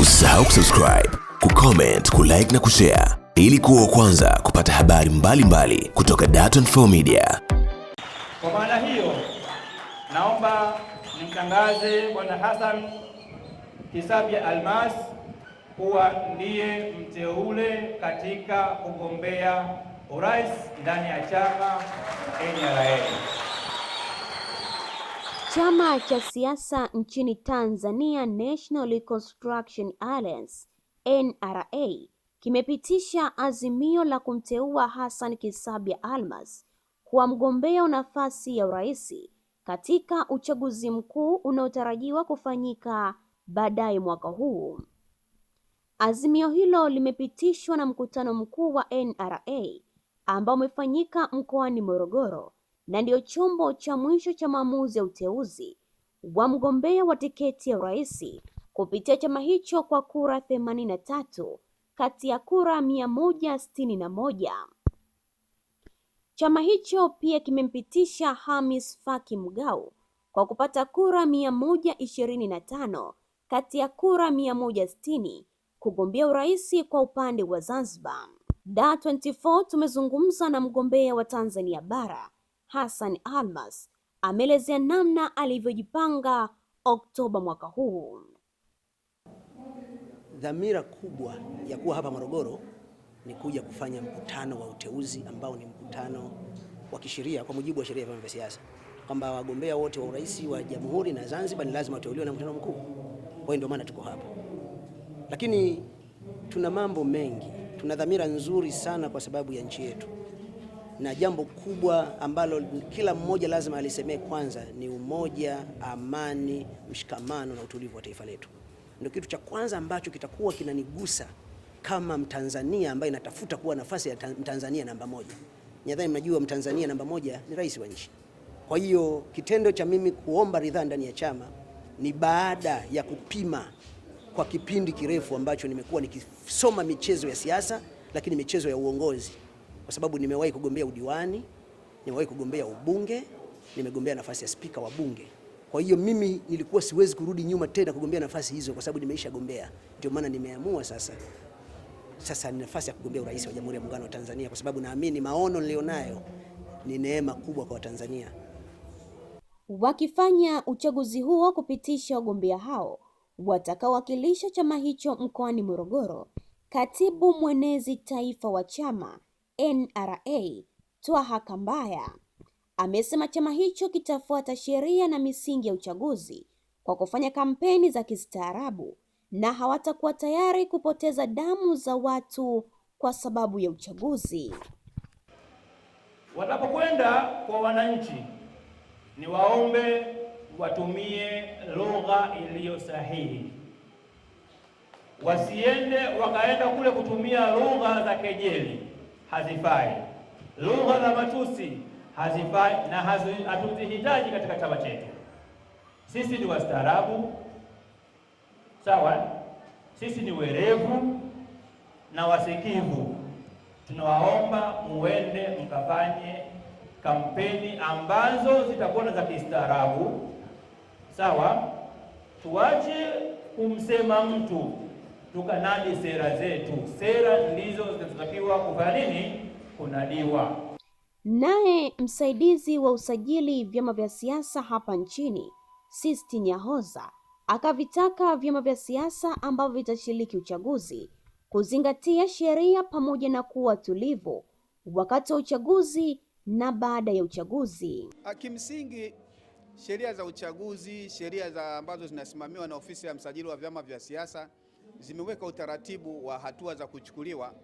Usisahau kusubscribe, kucomment, kulike na kushare ili kuwa kwanza kupata habari mbalimbali mbali kutoka Dar24 Media. Kwa maana hiyo, naomba nimtangaze Bwana Hassan Kisabi Almas kuwa ndiye mteule katika kugombea urais ndani ya chama NRA. Chama cha siasa nchini Tanzania National Reconstruction Alliance NRA kimepitisha azimio la kumteua Hassan Kisabya Almas kuwa mgombea nafasi ya urais katika uchaguzi mkuu unaotarajiwa kufanyika baadaye mwaka huu. Azimio hilo limepitishwa na mkutano mkuu wa NRA ambao umefanyika mkoani Morogoro na ndio chombo cha mwisho cha maamuzi ya uteuzi wa mgombea wa tiketi ya urais kupitia chama hicho kwa kura themanini na tatu kati ya kura mia moja na moja. Chama hicho pia kimempitisha Hamis Faki Mgau kwa kupata kura mia moja ishirini na tano kati ya kura mia moja kugombea urais kwa upande wa Zanzibar. Da24 tumezungumza na mgombea wa Tanzania Bara Hassan Almas ameelezea namna alivyojipanga Oktoba mwaka huu. Dhamira kubwa ya kuwa hapa Morogoro ni kuja kufanya mkutano wa uteuzi ambao ni mkutano wa kisheria kwa mujibu wa sheria ya vyama vya siasa kwamba wagombea wote wa urais wa Jamhuri na Zanzibar ni lazima wateuliwe na mkutano mkuu. Kwa hiyo ndio maana tuko hapa, lakini tuna mambo mengi, tuna dhamira nzuri sana kwa sababu ya nchi yetu na jambo kubwa ambalo kila mmoja lazima alisemee kwanza ni umoja, amani, mshikamano na utulivu wa taifa letu. Ndio kitu cha kwanza ambacho kitakuwa kinanigusa kama Mtanzania ambaye natafuta kuwa nafasi ya Mtanzania namba moja. Nadhani mnajua Mtanzania namba moja ni rais wa nchi. Kwa hiyo kitendo cha mimi kuomba ridhaa ndani ya chama ni baada ya kupima kwa kipindi kirefu ambacho nimekuwa nikisoma michezo ya siasa, lakini michezo ya uongozi kwa sababu nimewahi kugombea udiwani, nimewahi kugombea ubunge, nimegombea nafasi ya spika wa bunge. Kwa hiyo mimi nilikuwa siwezi kurudi nyuma tena kugombea nafasi hizo kwa sababu nimeisha gombea Ndio maana nimeamua sasa sasa ni nafasi ya kugombea urais wa Jamhuri ya Muungano wa Tanzania kwa sababu naamini maono nilionayo ni neema kubwa kwa Watanzania. Wakifanya uchaguzi huo kupitisha wagombea hao watakaowakilisha chama hicho mkoani Morogoro, katibu mwenezi taifa wa chama NRA Twaha Kambaya amesema chama hicho kitafuata sheria na misingi ya uchaguzi kwa kufanya kampeni za kistaarabu na hawatakuwa tayari kupoteza damu za watu kwa sababu ya uchaguzi. Wanapokwenda kwa wananchi, ni waombe watumie lugha iliyo sahihi, wasiende wakaenda kule kutumia lugha za kejeli hazifai, lugha za matusi hazifai, na hatuzihitaji katika chama chetu. Sisi ni wastaarabu, sawa. Sisi ni werevu na wasikivu. Tunawaomba muende mkafanye kampeni ambazo zitakuwa za kistaarabu, sawa. Tuache kumsema mtu tukanadi sera zetu. Sera ndizo zinatakiwa kufanya nini? Kunadiwa. Naye msaidizi wa usajili vyama vya siasa hapa nchini Sisti Nyahoza akavitaka vyama vya siasa ambavyo vitashiriki uchaguzi kuzingatia sheria pamoja na kuwa tulivu wakati wa uchaguzi na baada ya uchaguzi. Ah, kimsingi, sheria za uchaguzi, sheria za ambazo zinasimamiwa na ofisi ya msajili wa vyama vya siasa zimeweka utaratibu wa hatua za kuchukuliwa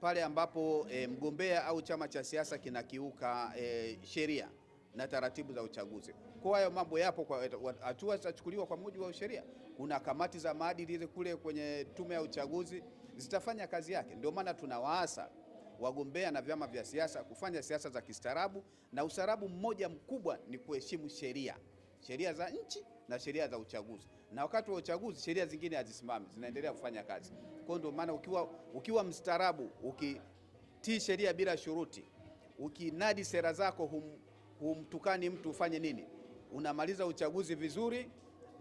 pale ambapo e, mgombea au chama cha siasa kinakiuka e, sheria na taratibu za uchaguzi. Kwa hayo mambo yapo, kwa hatua zitachukuliwa kwa mujibu wa sheria. Kuna kamati za maadili ile kule kwenye tume ya uchaguzi zitafanya kazi yake. Ndio maana tunawaasa wagombea na vyama vya siasa kufanya siasa za kistaarabu, na ustaarabu mmoja mkubwa ni kuheshimu sheria sheria za nchi na sheria za uchaguzi, na wakati wa uchaguzi sheria zingine hazisimami, zinaendelea kufanya kazi. Kwa ndio maana ukiwa, ukiwa mstaarabu, ukitii sheria bila shuruti, ukinadi sera zako, hum, humtukani mtu, ufanye nini, unamaliza uchaguzi vizuri,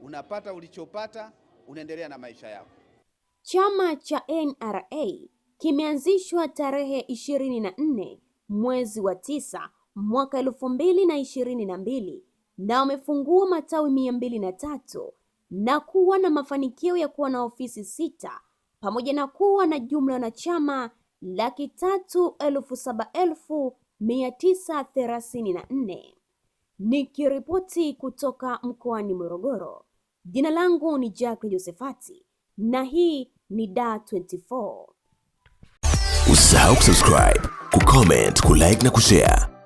unapata ulichopata, unaendelea na maisha yako. Chama cha NRA kimeanzishwa tarehe 24 mwezi wa tisa mwaka elfu mbili na ishirini na mbili na wamefungua matawi mia mbili na tatu na kuwa na mafanikio ya kuwa na ofisi sita pamoja na kuwa na jumla wanachama laki tatu elfu saba elfu mia tisa thelathini na nne. Nikiripoti kutoka mkoani Morogoro, jina langu ni Jack Josephat na hii ni Dar24. Usisahau kusubscribe, kucomment, kulike na kushare